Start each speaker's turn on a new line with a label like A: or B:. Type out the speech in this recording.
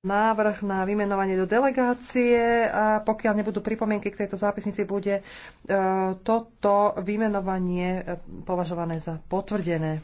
A: návrh na vymenovanie do delegácie a pokiaľ nebudú pripomienky k tejto zápisnici, bude e, toto vymenovanie e, považované za potvrdené.